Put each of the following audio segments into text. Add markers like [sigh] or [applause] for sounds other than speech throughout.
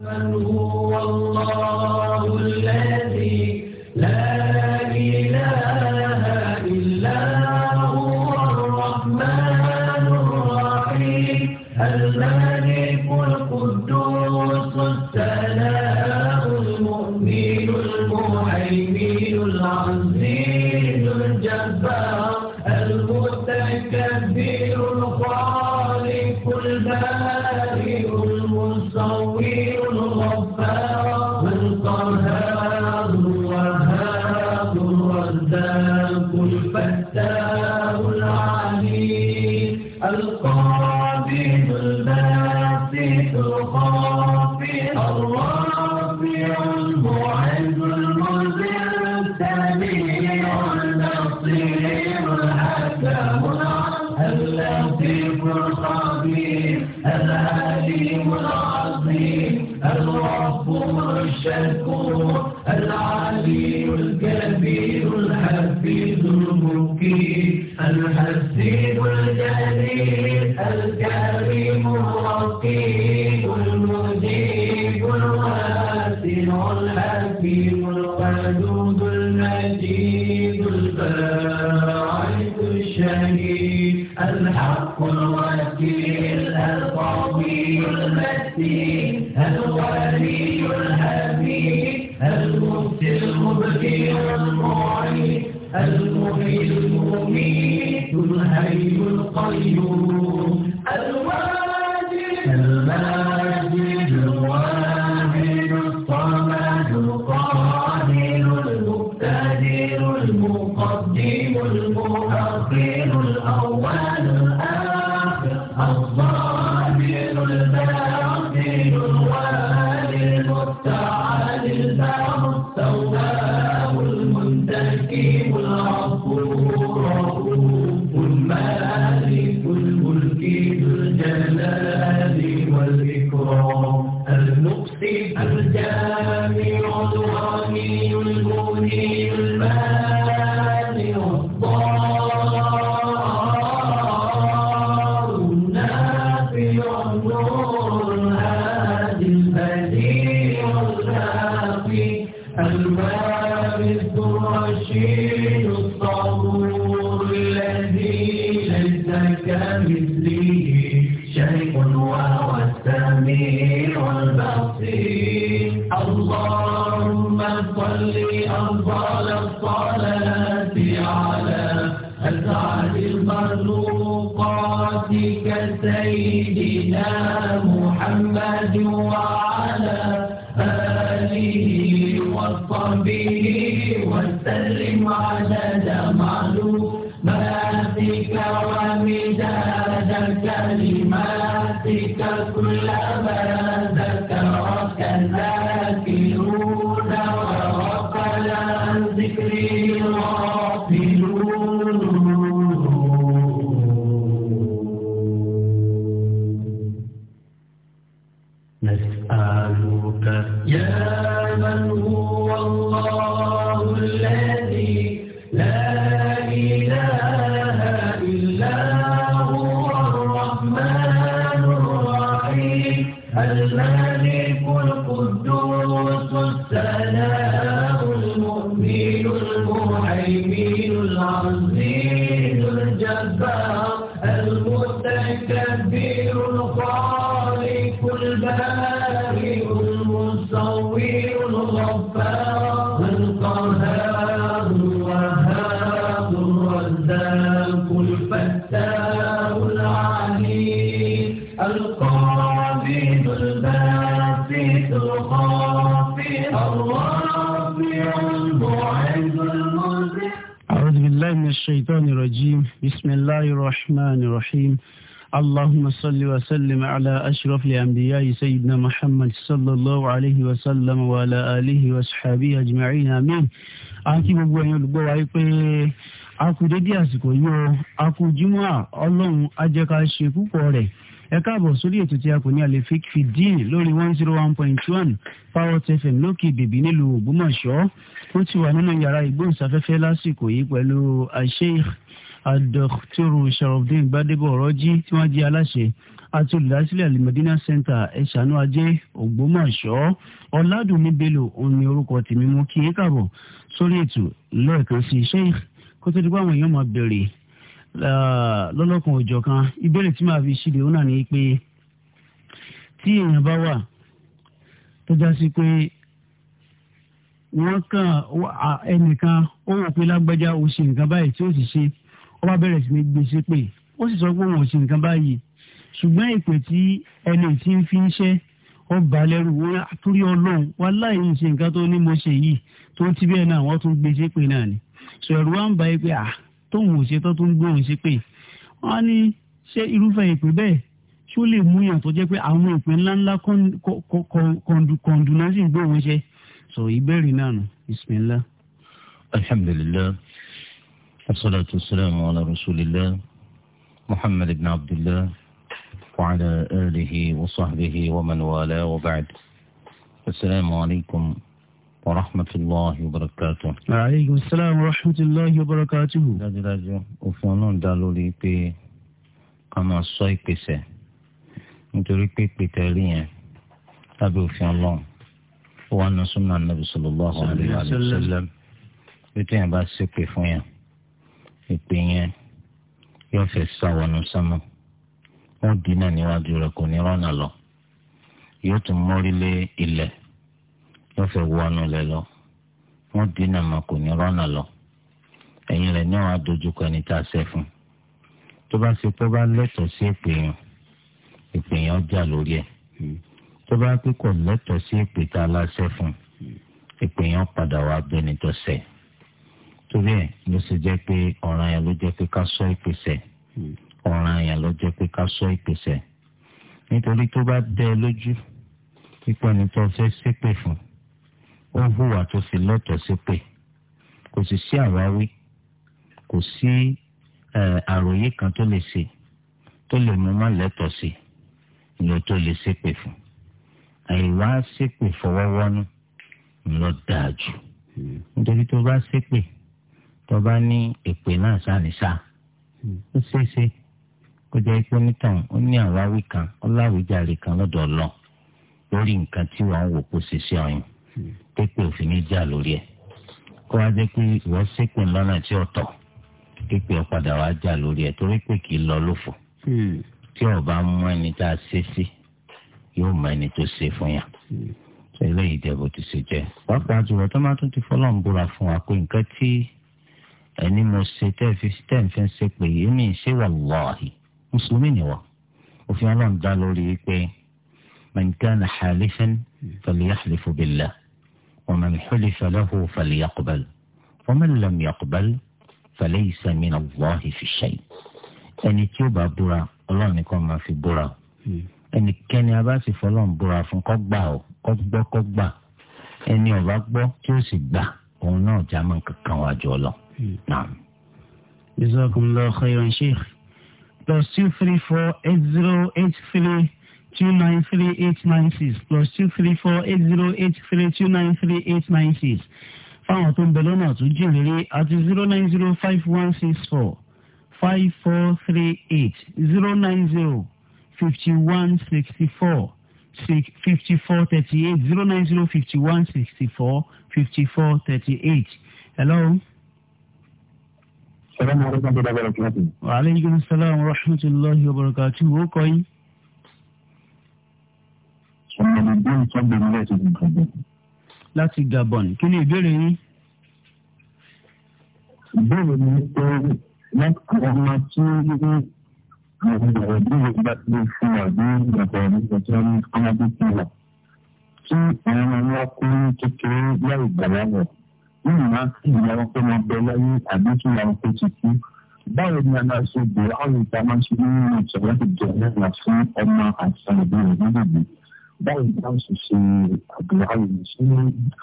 من هو الله الذي لا إله إلا هو الحق الوكيل القوي المتين الولي الحميد المبدي المبكي المعين المحيي المميت الحي القيوم الجامع ظهر صل أفضل الصلاة على أسعد المخلوقات كسيدنا محمد وعلى آله وصحبه القابض الباسط الخافض الرافع البعيد المرزق أعوذ بالله من الشيطان الرجيم بسم الله الرحمن الرحيم اللهم صل وسلم على أشرف الأنبياء سيدنا محمد صلى الله عليه وسلم وعلى آله وصحبه أجمعين آمين àti gbogbo ẹ̀yin olùgbọ́ wa pé a kú dédé àsìkò yìí o a kú jímọ̀ ọlọ́run á jẹ́ ká ṣe púpọ̀ rẹ̀ ẹ káàbọ̀ sórí ètò tí a kò ní alẹ́ fake fi dín lórí one zero one point one power tfm lókè bèbí nílùú Ògbómọ̀ṣọ́ ó ti wà nínú yàrá ìgbóhùnsáfẹ́fẹ́ lásìkò yìí pẹ̀lú Sheikh adọ́tòrò sharafdin gbadebo ọ̀rọ̀jì tí wọ́n jẹ́ aláṣẹ àti olùdásílẹ̀ alimadina center ẹ̀sánú ajé ògbómọ̀ṣọ́ ọ̀làdùnmí bello òní orúkọ tèmi mú kí n káàbọ̀ sórí ètò lẹ́ẹ̀kan sí sheikh kó tó di àwọn èèyàn máa bẹ̀rẹ̀ lọ́lọ́kan òjọ̀ kan ìbéèrè tí màá fi ṣíde ó náà ní pé tí èèyàn bá wà tó já sí pé wọ́n kàn ẹnìkan ó wò pé lágbájá ó ṣe nǹkan báyìí tí ó sì ṣe ó bá bẹ̀rẹ̀ sí ní gbèsè e pé ó sì sọ pé òun ò ṣe nǹkan báyìí ṣùgbọ́n ìpè tí ẹni tí ń fi ń ṣẹ́ ó bà lẹ́rù wọn torí ọlọ́run wà láì ń ṣe nǹkan tó ní mo ṣe yìí tó ti bẹ́ẹ̀ náà wọ́n tún gbèsè e pé náà ni sọ̀rọ̀ wa ń bá pé ah tóun ò ṣe tó tún gbóhùn sí pé wọ́n ní ṣé irúfẹ́ ìpè bẹ́ẹ̀ ṣó lè mú yàn tó jẹ́ pé àwọn ìpè ńláńlá kọ̀ǹdùnà sì ń gbóhùn ṣe sọ ìbéèrè náà nù bismillah. alhamdulilayi asalaatu wasalaamu ala rasulillah muhammad ibn abdullah wa ala alihi wa sahbihi wa man wa ba'd asalaamu alaykum. ورحمة السلام ورحمة الله وبركاته dájúdájú òfin ọlọ́run dá lórí pé ká máa sọ ìpèsè nítorí pé ìpètè rí yẹn lábẹ́ òfin ọlọ́run ó wà nínú súnmọ́ nàbì sallallahu alaihi wa sallam pété yẹn bá ṣépè fún yẹn ìpè yẹn yóò fẹ́ wọ́n dínà níwájú rẹ̀ kò ní rọ́nà lọ yóò tún mórí lé ilẹ̀ wọ́n fẹ́ wọnú lẹ̀ lọ wọ́n dínà mà kò ní rọ́nà lọ ẹ̀yìn rẹ̀ ní wàá dojúkọ ẹni tá a ṣẹ́ fún tó bá ṣe tó bá lẹ́tọ̀ọ́ sí èpè yẹn èpè yẹn ọjà lórí ẹ̀ tó bá pé kò lẹ́tọ̀ọ́ sí èpè tá a láṣẹ fún èpè yẹn padà wá bẹni tó ṣẹ̀ torí ẹ̀ ló ṣe jẹ́ pé ọ̀ràn yẹn ló jẹ́ pé ká sọ ìpèsè ọ̀ràn yẹn ló jẹ́ pé ká sọ ìpèsè nítorí tó bá dẹ lójú pípọ̀ ní tó fẹ́ ṣépè fún ó hùwà tó fi lẹ́tọ̀ọ́ sí pé kò sì sí àwáwí kò sí àròyé kan tó lè ṣe tó lè mú má lẹ́tọ̀ọ́ sí ìyẹn tó lè ṣépè fún àìwá ṣépè fọwọ́wọ́nú lọ dáa jù hmm. nítorí tó bá ṣépè tó bá ní èpè náà sáníṣá hmm. ó ṣeéṣe kó jẹ́ pé onítàn ó ní àwáwí kan ó láwùjáre kan lọ́dọ̀ ọlọ́ lórí nǹkan tí wọ́n ń wò kó ṣe sí ọyàn pépè òfin ní jà lórí ẹ̀ kó wá jẹ́ pé ìwọ ṣépè lọ́nà tí ọ̀tọ̀ pépè ọ̀padà wá jà lórí ẹ̀ torí pé kì í lọ lófo hmm. tí ọba mú ẹni tá a ṣe sí yóò mọ ẹni tó ṣe fún yà hmm. eléyìí dẹ̀bù ti ṣe jẹ́ pàápàá jùlọ tó máa tún ti fọlọ́n búra fún wa pé nǹkan tí ẹni mo ṣe tẹ́ẹ̀fì tẹ́ẹ̀fì ń ṣe pé yìí mi ṣe wallahi mùsùlùmí ni wọ́n òfin ọlọ́run dá lórí pé man kana halifan hmm. falyahlif billah ومن حلف له فليقبل ومن لم يقبل فليس من الله في شيء ẹni tí ó bá búra ọlọ́run nìkan máa fi búra o ẹnikẹ́ni a bá sì fọlọ́run búra fún kó gbà ó kó gbọ́ kó gbà ẹni ó bá gbọ́ tí ó sì gbà òun náà já mọ́ kankan wá jọ lọ. jazakumullahu khairan sheikh plus two three four eight zero eight three two nine three eight nine six plus two three four eight zero eight three two nine three eight nine six fáwọn tó ń bẹ lọ́nà tó jìn àti zero nine zero five one six four five four three eight zero nine zero fifty one sixty four fifty four thirty eight zero nine zero fifty one sixty four fifty four thirty eight hello. salaamaleykum wa rahmatulahi wa barakatuhu o kọ́ yín ọ̀nà ìbéèrè tó gbé mi láti Gabon. láti Gabon kí ni ìbéèrè yín. ìbéèrè mi pé láti ọmọ tí àwọn ọ̀rọ̀ bí wọ́n bá ti fún wa ní ìgbàgbọ́ nípa tí wọ́n ní ọmọdé ti wà. tí àwọn ọmọ ọkùnrin kékeré láì gbàgbọ́ nínú máa ń kí ìyàwó pé wọ́n bẹ láyé àbí kí ìyàwó pé ti kú báwo ni a máa ṣe bẹ̀rẹ̀ àwọn ìta máa ń ṣe nínú ìṣẹ̀lẹ̀ ìjọba fún ọmọ àti ọmọdé rẹ̀ nígbàgbọ́ báyìí bá ń ṣiṣẹ́ àgbáyé ṣé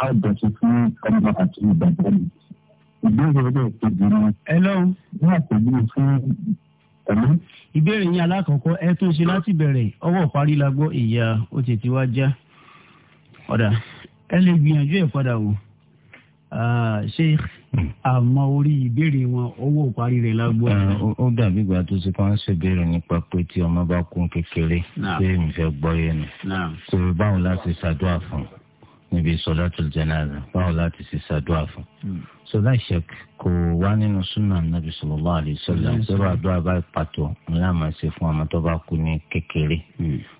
àgbàṣe fún ọmọ àti ìgbàgbọ́ mi. ìbéèrè ọjọ́ ìkejì ni. ẹ lọ́wọ́. ní àpèjúwe fún ẹ̀mí. ìbéèrè yín alákọ̀ọ́kọ́ ẹ tún ṣe láti bẹ̀rẹ̀ ọwọ́ parí la gbọ́ ìyá ó tètè wá já ọ̀dà ẹ lè gbìyànjú ẹ̀ padà wò. Ah, ṣé àmọ́ hmm. orí ìbéèrè wọn owó ìparí rẹ̀ lágbó. Eh, ó dàbí ìgbà tó ṣe kí wọ́n ṣe béèrè nípa pé tí ọmọ bá kún kékeré pé èmi fẹ́ gbọ́ yẹn ni. tó báwo láti ṣàdúrà fún níbi sọlátul janaza báwo láti ṣe ṣàdúrà fún. Hmm. sọlá ìṣẹ́k kò wá nínú súnà nàbì sallallahu alaihi wasallam hmm. sọ̀rọ̀ àdúrà bá pàtó ńlá máa ṣe fún ọmọ tó bá kú ní kékeré.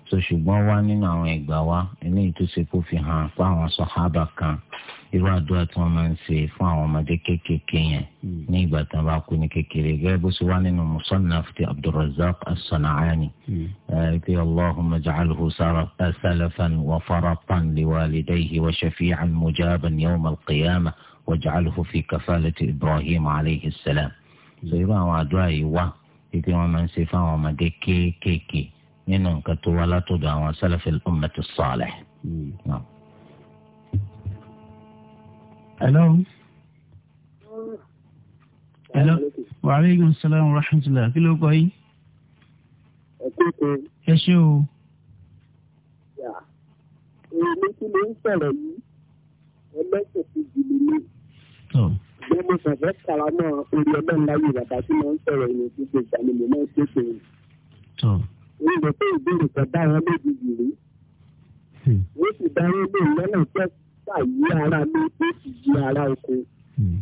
so ṣùgbọ́n wá nínú àwọn ìgbà wa eléyìí tó ṣe kó fi hàn pa àwọn sàhábà kan irú àdúrà tí wọ́n máa ń ṣe fún àwọn ọmọdé kéékèèké yẹn ní ìgbà tí wọ́n bá kú ní kékeré gẹ́gẹ́ bó ṣe wá nínú musannaf ti abdulrazak as-sana'ani pé allahumma ja'alhu salafan wa faratan liwalidayhi wa shafi'an mujaban yawm al-qiyamah wa ja'alhu fi kafalati ibrahim alayhi salam. so irú àwọn àdúrà yìí wá pé wọ́n máa ń ṣe fún àwọn ọmọdé kéékèèké nínú nǹkan tó wá látọ̀dọ̀ àwọn salafil ummati salih. hello. hello. wa aleykum salaam wa rahmatulah kí ló kọ yín. ẹ ṣé o. èmi tí mo ń sọ̀rọ̀ yìí ẹlẹ́sìn ti jìbì mi. bẹ́ẹ̀ mo kàn fẹ́ kàrà hmm. náà orí ọlọ́run láyé bàbá tí mo ń sọ̀rọ̀ yìí gbogbo ìgbà ni mo máa ń ṣe pé. ó lè fẹ́ ìbéèrè kan dáhùn lójijì rí. ó sì dáhùn lóhùn lọ́nà ìjọsìn sábà yí ara mi ó sì yí ara oko. Hmm.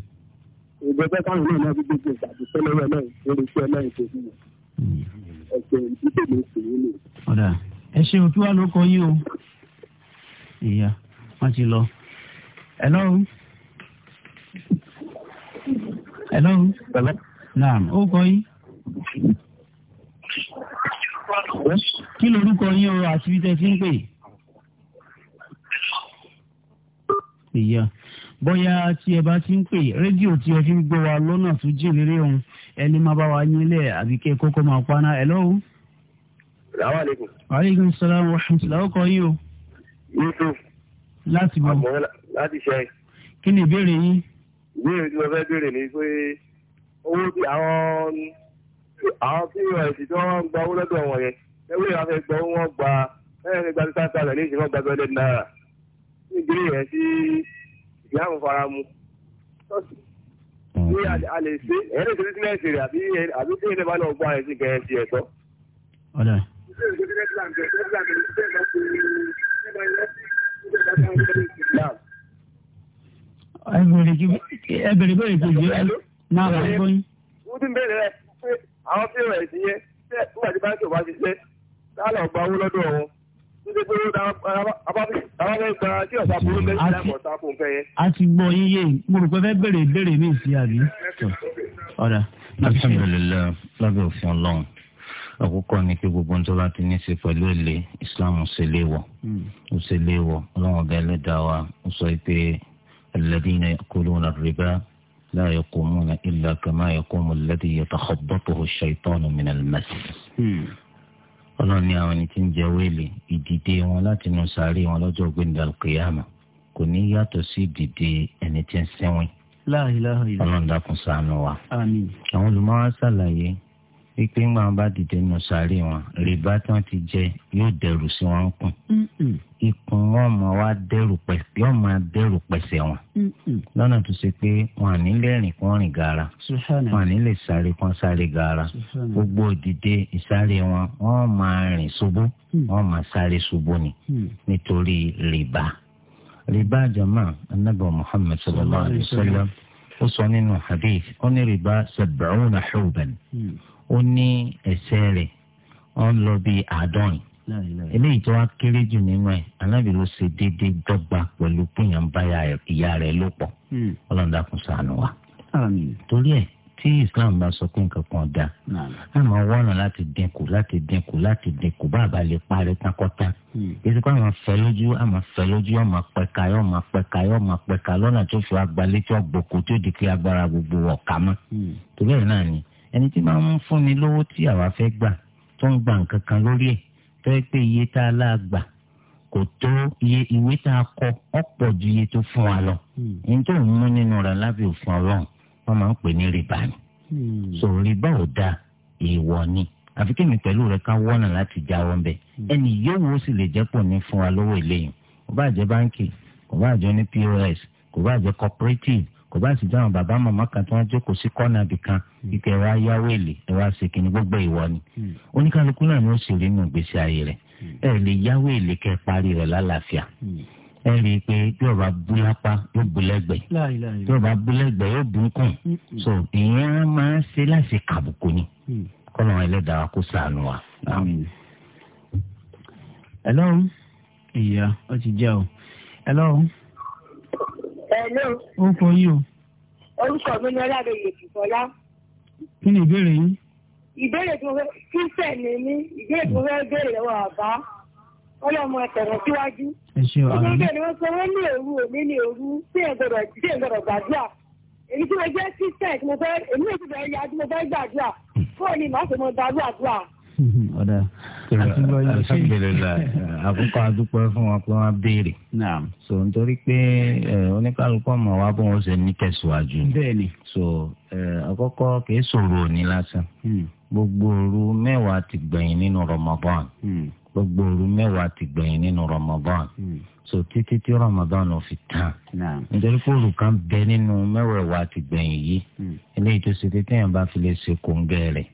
ìgbẹ́ fẹ́ káwọn náà máa fi gbogbo ìgbàgbé sẹ́lẹ̀ rẹ̀ náà lórí iṣẹ́ náà ṣe fún mi. Hmm. ẹ̀sẹ̀ ìdílé mi sì ń lò. ọ̀dà ẹ ṣe òkú wa ló kọ yín o ìyá wọn ti lọ ẹ lọ́rùn ẹ lọ́rùn náà ó kọ yín kí lorúkọ yín o àti bí tẹ ń pè é. pè ya bóyá tí ẹ bá ti ń pè rédíò tí ẹ fi ń gbọ́ wa lọ́nà tó jìn rere òun ẹni máa bá wa yín lẹ̀ àbí kẹ́ kókó máa paná ẹ lọ́wọ́. salaamaleykum. aleykum salaam wa rahmatulah ọkọ yìí o. yusuf. láti bọ̀. láti ṣe. kí ni ìbéèrè yín. ìbéèrè tí mo fẹ́ béèrè ni pé owó tí àwọn àwọn pos tí wọ́n gba owó lọ́dọ̀ wọn ẹgbẹ́ ìwà fẹ́ gbọ́ wọ́n gba ẹ̀ẹ́dẹ́gbàdúrà ní ìṣẹ́ wọn gba bẹ́ẹ̀ náírà nígbèrè yẹn sí ìyáàmù faramu ní a lè ṣe ẹ̀yẹ́ lè ṣe bísínẹ́sì rẹ̀ àbí àbí tí ìdẹ́gbà náà gbọ́ àyè sí kẹ́yẹ́ sí ẹ̀tọ́. ọ̀dà. ẹ bèrè bèrè kejì ẹ náà wà á gbóyún. wọ́n ti ń bèrè rẹ̀ pé àwọn fíìmù ẹ̀sìn yẹn nígbà tí báńkì ò bá ti ṣe tá a lọ gba owó lọ́dọ̀ wọn a ti gbọ́ iye mo rò pé fẹ́ bèrè bèrè mi sí àbí. ọ̀dà. alhamdulilayi lábẹ́ òfin ọlọ́run àkọ́kọ́ ni pé gbogbo ń tó bá ti ní í ṣe pẹ̀lú èlé islam ṣe léèwọ̀ ó hmm. ṣe léèwọ̀ ọlọ́run ọ̀gá ẹlẹ́dàá wa ó sọ pé alladhina ya'kuluna ar-riba la yaqumuna illa kama yaqumu alladhi yatakhabbathu ash-shaytanu min al-mas. Hmm ọlọ́run ní àwọn ẹni tí ń jẹ wéèlì ìdìde wọn láti nu sàárè wọn lọ́jọ́ gbẹ̀ndàlù kìyàmà kò ní yàtọ̀ sí ìdìde ẹni tí ń sẹ́wìn. ọlọ́run dákun ṣàánú wa. àwọn olùmọ̀wá ṣàlàyé pípé ńgbà wọn bá dìde nù sáré wọn rìbá tí wọn ti jẹ yóò dẹrù sí wọn kùn ikùn wọn mọ wá dẹrù pẹsẹ yóò máa dẹrù pẹsẹ wọn lọ́nà tó ṣe pé wọn àní lè rìn kó rìn gaara wọn àní lè sáré kó sáré gaara gbogbo dìde ìsáré wọn wọn máa rìn ṣubú mm. wọn máa sáré ṣubú ni mm. nítorí rìbá rìbá jama anabi muhammed sallallahu alayhi wa sallam ó sọ nínú hadith ó ní rìbá sab'una huban. Mm ó ní ẹsẹ̀ rẹ̀ ó ń lọ bí àádọ́rin eléyìí tó wá kéré jù nínú ẹ̀ anábì ló ṣe déédéé dọ́gba pẹ̀lú pínyàn báyà ìyá rẹ̀ ló pọ̀ hmm. ọlọ́run dákun ṣàánú wa. torí ẹ̀ tí islam bá sọ pé nǹkan kan da àmọ́ wọnà láti dínkù láti dínkù láti dínkù bá àbálẹ parí takọta èsì hmm. pé àwọn fẹ́ lójú àmọ́ fẹ́ lójú ọmọ pẹka ọmọ pẹka ọmọ pẹka lọ́nà tó fi agbalẹ tí ọgbọkọ tó di pé agbára gbogbo ọkà mọ hmm. torí ẹ̀ náà ni ẹni tí máa ń fúnni lówó tí àwa fẹ́ gbà tó ń gba nǹkan kan lórí ẹ̀ tó yẹ pé iye tá a lá gbà kò tó iye ìwé tá a kọ ọ̀pọ̀ ju iye tó fún wa lọ hmm. ní tó ń mú nínú rẹ̀ lábẹ́ òfin ọlọ́run wọ́n máa ń pè ní rìbá ni hmm. so rìbá ò dáa èèwọ̀ ni àfi kí mi pẹ̀lú rẹ̀ ká wọ́nà láti jáwọ́ ń bẹ̀ hmm. ẹni yóò wó sì lè jẹ́ pọ̀ ní fún wa lówó eléyìí kò bá jẹ́ báńkì kò bá jẹ́ ní POS kò bá jẹ́ cooperative kò bá sì dáhùn bàbá màmá kan tí wọ́n jókòó sí kọ́nà ibìkan ìpè hmm. wa yáwó èlé ẹ wá ṣe kìnnì gbogbo ìwọ ni hmm. oníkálukú náà ni ó sì rí inú gbèsè ayé rẹ̀ hmm. ẹ lè yáwó èlé kẹ́ parí rẹ̀ lálàáfíà ẹ rí i pé bí ọba bú yóò bú bí ọba bú yóò bú so ìyẹn máa ń ṣe láti kàbùkù ni kọ́nà ẹlẹ́dàá kó sànù wa. ẹ lọ́run ìyá ó ti jẹ́ o ẹ lọ́run. Hello. Ó kọ yín o. Orúkọ mi ni Ọlábẹ̀yẹ Fìfọlá. Kí ni ìbéèrè yín? Ìbéèrè tí mo fẹ́ kíṣẹ̀ ni ìbéèrè tí fẹ́ béèrè lọ́wọ́ bàbá. Ọlọ́mọ ẹ̀tẹ̀rẹ̀ síwájú. Ẹ ṣe ọ̀rọ̀. Ìgbésẹ̀ ni wọ́n sọ wọ́n ní òru òní ní òru tí ègbọ̀dọ̀ tí ègbọ̀dọ̀ gbàdúrà. Èyí tí mo jẹ́ kíṣẹ̀ tí mo fẹ́ èmi ò sì bẹ̀rẹ̀ yá tí mo fẹ́ gbàdúrà. Fóònù màá fi mo darú [laughs] alhamdulilayi [laughs] àkókò adúpẹ́ fún wọn pé wọ́n béèrè. so nítorí pé oníkálukú ọmọ wa bó wọn ṣe ní tẹ̀síwájú ni. so àkọ́kọ́ kìí sọ̀rọ̀ òní lásán. Hmm. gbogbo òru mẹ́wàá ti gbẹ̀yìn nínú Ramadan. Hmm. gbogbo òru mẹ́wàá ti gbẹ̀yìn nínú Ramadan. Hmm. so títí tí Ramadan ò fi tán. nítorí pé òru kan bẹ nínú mẹ́wàá ti gbẹ̀yìn yìí. eléyìí tó ṣe tẹ́tẹ́ yẹn bá fi lè ṣe kóńgẹ́ rẹ̀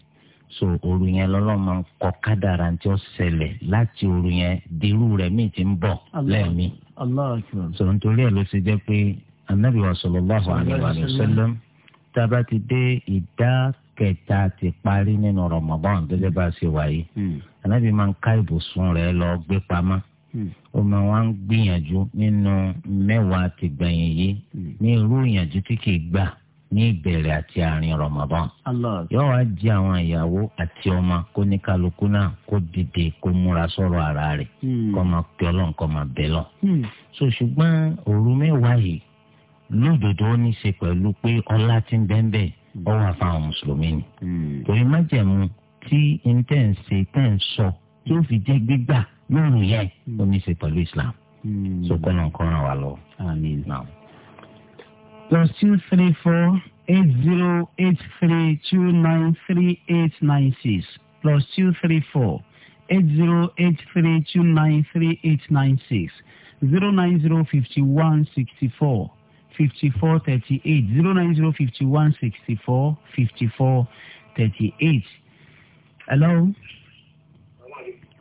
so òru yẹn lọ́lọ́run máa ń kọ kádàrà tí ó ṣẹlẹ̀ láti òru yẹn dirú rẹ̀ míì ti ń bọ̀ lẹ́ẹ̀mí. so nítorí ẹ̀ ló ṣe jẹ́ pé anabi wa sallallahu alayhi wa sallam tá a bá ti dé ìdá kẹta ti parí nínú Ramadan gẹ́gẹ́ bá a ṣe wáyé hmm. anabi máa ń ká ibùsùn rẹ̀ lọ gbé pamọ́ hmm. ó máa wá ń gbìyànjú nínú mẹ́wàá ti gbẹ̀yìn yìí hmm. ní irú ìyànjú tí kì í gbà ní ìbẹ̀rẹ̀ àti àárín Ramadan. yóò wá jí àwọn ìyàwó àti ọmọ kó ní kálukú náà kó dìde kó múra sọ̀rọ̀ ara rẹ̀ hmm. kó máa pè Ọlọ́run kó máa bẹ̀ lọ. Hmm. so ṣùgbọ́n òru mẹ́wàá yìí lódodo ó ní í ṣe pẹ̀lú pé ọlá ti ń bẹ́ńbẹ́ ọ wà fáwọn mùsùlùmí ni. torí hmm. májẹ̀mú tí n tẹ̀ ń ṣe tẹ̀ ń sọ tí ó fi jẹ́ gbígbà lóòrùn yẹn ó ní í ṣe pẹ̀lú Islam. so kọ́ náà kọ́ ràn wá plus two three four eight zero eight three two nine three eight nine six plus two three four eight zero eight three two nine three eight nine six zero nine zero fifty one sixty four fifty four thirty eight zero nine zero fifty one sixty four fifty four thirty eight. hello.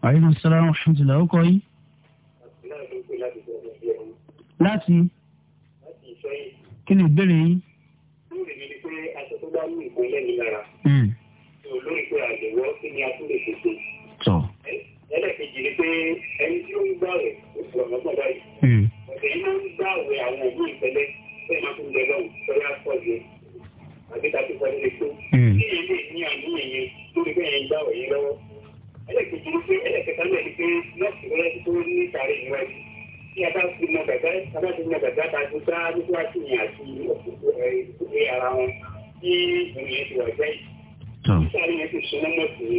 aleykum salaam wa rahmatulah ó kọ́ yín. láti. láti ìfẹ́ yìí kí ni ìbéèrè yín. lórí mi ni pé aṣọ tó bá ní ìpínlẹ̀ mi lára. Hmm. lórí pé àjẹwọ́ kí ni a tún lè ṣe sí. sọ. ẹlẹ́kejì ni pé ẹni tí ó ń gbà rẹ̀ ó sì ọ̀nà pọ̀ báyìí. Hmm. ọ̀sẹ̀ yìí máa ń gbà rẹ̀ àwọn òbí ìfẹ́lẹ́ fẹ́ẹ́ máa tún jẹ lọ́hùn sọ́yà pọ̀ jù àbí tàbí pẹ̀lú ètò. Hmm. kí ni ilé ní àníyàn yẹn lórí pé ẹ̀yin gbà tí a bá fi mọ bàbá a bá fi mọ bàbá ta ti bá níwájú yẹn àti ìdílé ara wọn tí ìrìn yẹn ti wà jẹ́ yìí. nígbà tí yẹn ti súnmọ́ mọ̀ sí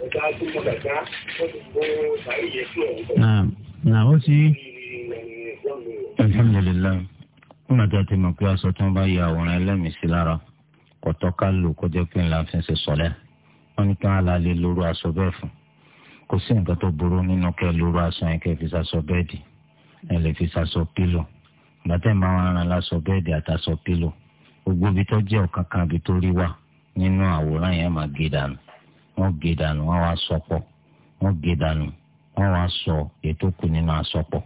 ọ̀gá tó mọ bàbá ó ti kó sàárì yẹn sí ọ̀hún. nà ó sì. alhamdulilayi nígbà tí a ti mọ̀ pé aṣọ tí wọ́n bá ya àwòrán ẹlẹ́mìí sí lára kò tọ́ka lò kó jẹ́ pé ńlá fi ń ṣe sọ́lẹ̀ wọ́n ní kí wọ́n á la lè lóru aṣọ bẹ́ẹ̀ fún kò sí nǹkan tó burú nínú kẹ́ lóru aṣọ yẹn kẹ́ fi ṣaṣọ bẹ́ẹ̀ dì í ẹ lè fi sasọ pílò gbàtẹ́ máa ń ran lásọ bẹ́ẹ̀dì àtàsọ pílò gbogbo ibi tó jẹ́ ọ̀kan kan ibi tó rí wà nínú àwòrán yẹn máa gé dànù wọ́n gé dànù wọ́n wá sọpọ̀ wọ́n gé dànù wọ́n wá sọ ètò kù nínú àsọpọ̀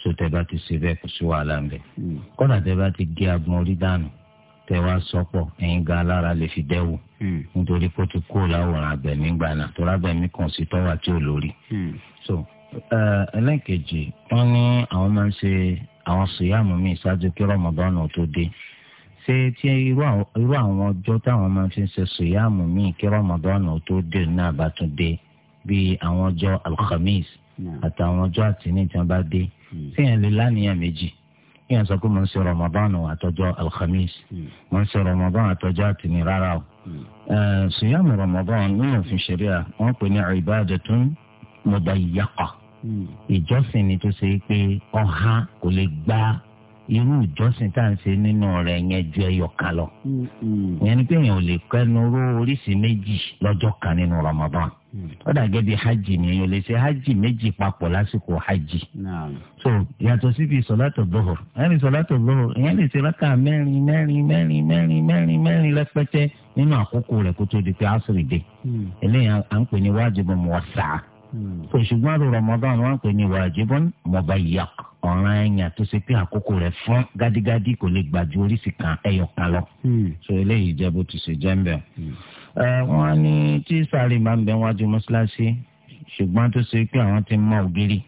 so tẹ bá ti ṣe bẹ́ẹ̀ kò sí wàhálà ń bẹ hmm. kódà tẹ bá ti gé agbọn orí dànù tẹ wá sọpọ̀ ẹ̀yin ga alára lè fi dẹ́wù hmm. nítorí kó ti kó láwòrán abẹ̀mí gbàna tó rábẹ̀mí kàn sí tọ́wà tí ò lórí hmm. so Eh, ẹlẹ́ẹ̀kejì wọ́n ní àwọn máa ń ṣe àwọn sùyàmù míì ṣáájú kí Ramadan tó dé ṣé tí irú àwọn ọjọ́ táwọn máa fi ń ṣe sùyàmù míì kí Ramadan tó dé náà bá tún dé bíi àwọn ọjọ́ alhamis hmm. àtàwọn ọjọ́ àtìní tí wọ́n bá dé síyẹn hmm. lè lánìyàn méjì yíyan sọ pé mo ń ṣe Ramadan àtọjọ́ alhamis mo hmm. ń ṣe Ramadan àtọjọ́ àtìní rárá o sùyàmù eh, Ramadan nínú òfin ṣẹ̀ríà wọ́n pè ní ibadatun mudayyaqah Hmm. ìjọsìn ni tó ṣe pé ọha kò lè gba irú ìjọsìn tá à ń ṣe nínú rẹ̀ yẹn ju ẹyọ kan lọ. Hmm. ìyẹn ni pé èèyàn ò lè kẹnu ró oríṣìí méjì lọ́jọ́ kan nínú Ramadan. Hmm. ó bí hajj ni èèyàn ò lè ṣe hajj méjì papọ̀ lásìkò hajj. so yàtọ̀ síbi sọ̀látò dọ́hùr ẹni lè ṣe mẹ́rin mẹ́rin mẹ́rin mẹ́rin mẹ́rin mẹ́rin lẹ́pẹ́tẹ́ nínú àkókò rẹ̀ kó tó di pé àṣírí dé. eléyàn à ń pè ní ṣùgbọ́n àrò Ramadan wọn pè ní wajibun mubayyaq ọ̀ràn ẹ̀yàn tó ṣe pé àkókò rẹ̀ fún gádígádí kò lè gbàjú oríṣi kan ẹyọ kan lọ. Hmm. sọ eléyìí jẹ́ bó ti ṣe jẹ́ ń bẹ̀. Hmm. wọ́n ní tí sáré máa ń bẹ wájú mọ́ṣáláṣí ṣùgbọ́n tó ṣe pé àwọn ti mọ ògiri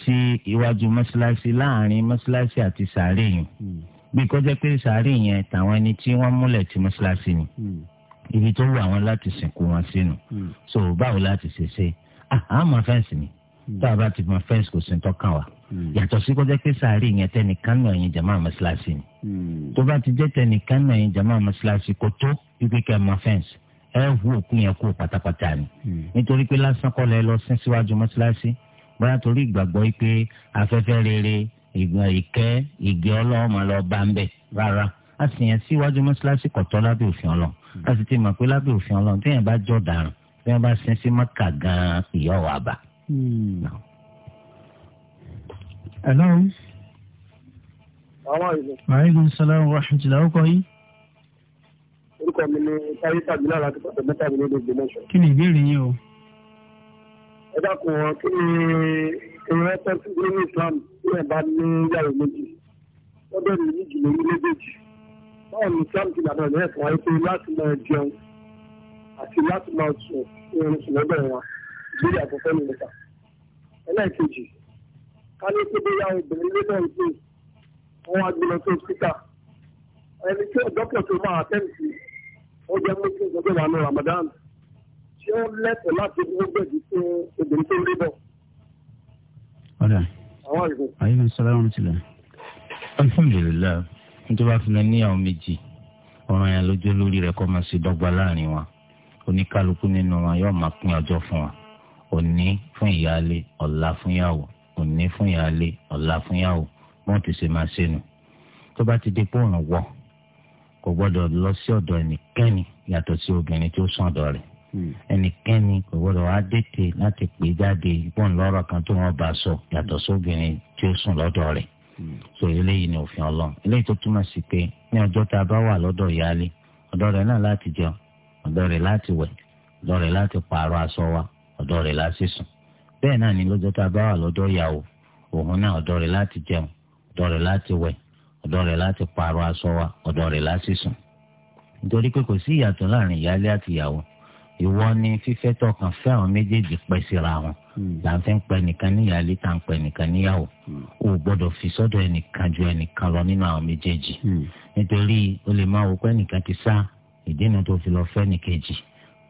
sí iwájú mọ́ṣáláṣí láàrin mọ́ṣáláṣí àti sáré yìí hmm. bí kọjá pé sáré yẹn tàwọn ẹni tí wọ́n múlẹ̀ ti mọ́ṣáláṣí ni ibi tó wù àwọn láti sìnkú wọn sínú so báwo láti ṣe ṣe àmọ́ fẹ́ǹsì ni hmm. tá a bá ti mọ fẹ́ǹsì kò sí ní tọ́kàn wa hmm. yàtọ̀ sí kọjá pé sàárì yẹn tẹnìkan náà yẹn jàmáà mọ́ṣáláṣí ni hmm. tó bá ti jẹ́ tẹnìkan náà yẹn jàmáà mọ́ṣáláṣí kò tó wípé kẹ́ mọ fẹ́ǹsì ẹ hu òkú yẹn kú pátápátá ni nítorí pé lásán kọ́ lẹ lọ sín síwájú mọ́ṣáláṣí bóyá torí ìgbàgbọ́ yìí pé afẹ́fẹ́ rere ìgbà ìkẹ́ ìgẹ́ ọlọ́ọ̀mọ lọ bá ń bẹ̀ rárá a sì yẹn síwájú mọ́ṣáláṣí kọ̀tọ́ lábẹ́ òfin ọlọ́run a sì ti mọ̀ pé lábẹ́ òfin ọlọ́run téèyàn bá jọ̀ dáràn bí wọ́n bá sin sí mọ́kà gan-an ìyá wa bà. Hmm. hello. maaleykum salaam wa rahmatulah ọkọ yìí. orúkọ mi ni táyé tàbílà láti pàtàkì mẹ́ta mi lóde ìgbìmọ̀ṣọ́. kí ni ìbéèrè yín o. ẹ dákun wọn kí ni ìrìn ẹsẹ tí ó ní islam tí ẹ bá ní yàrá méjì wọn bẹ̀rẹ̀ méjì lórí méjèèjì báwo ni islam ti gbàdọ̀ ní ẹ̀fọ́ ayé pé láti máa jẹun àti láti máa sùn oorun sùn lọ́dọ̀ wọn lórí àkọ́kọ́ nìyẹn. ẹlẹ́ẹ̀kejì ká ní pé bóyá obìnrin lébọ̀ ń gbé wọn wá gbé lọ sí òkúta ẹni tí dókítà tó máa àtẹ́ǹtì ó jẹ́ mú kí ìjọba wà ní Ramadan tí ó lẹ́tọ̀ọ́ láti owó gbẹ̀dì fún obìnrin tó lébọ̀. ọ̀dà ayé mi sọ láwọn ti alhamdulilayi nítorí wàá fún mi ní àwọn méjì ọ̀ràn yẹn lójú lórí rẹ̀ kọ́ máa ṣe dọ́gba láàrin wa oníkálukú nínú wọn yóò máa pín ọjọ́ fún wa òní fún ìyáálé ọ̀la fún yàwó òní fún ìyáálé ọ̀la fún yàwó wọn ti ṣe máa ṣe nù tó bá ti di pọ́ùn wọ kò gbọ́dọ̀ lọ sí ọ̀dọ̀ ẹnikẹ́ni yàtọ̀ sí obìnrin tó sàn ọ̀dọ̀ rẹ̀ hmm. ẹnikẹ́ni kò gbọ́dọ̀ wá dètè láti pè jáde ìbọn lọ́rọ̀ kan tó wọ́n bá sọ yàtọ̀ sóbìnrin tí ó sùn lọ́dọ̀ rẹ̀ hmm. so eléyìí ni òfin ọlọ́run eléyìí tó túmọ̀ sí pé ní ọjọ́ tá a bá wà lọ́dọ̀ ìyáálé ọ̀dọ̀ rẹ̀ náà láti jẹun ọ̀dọ̀ rẹ̀ láti wẹ̀ ọ̀dọ̀ rẹ̀ láti pààrọ̀ aṣọ wa ọ̀dọ̀ rẹ̀ láti sùn bẹ́ẹ̀ náà ni lọ́jọ́ tá a bá wà ìyàwó òun náà ọ̀dọ̀ rẹ̀ láti jẹun ọ̀dọ̀ rẹ̀ láti wẹ̀ ọ̀dọ̀ rẹ̀ láti pààrọ̀ aṣọ wa ọ̀dọ̀ rẹ̀ láti sùn kò sí ìyàtọ̀ láàrin ìyáálé àti ìyàwó ìwọ ni fífẹ́ fẹ́ àwọn méjèèjì pẹ́ síra wọn hmm. là ń nìkan níyàlé tá nìkan níyàwó hmm. ìdínà tó fi lọ fẹ́ nìkejì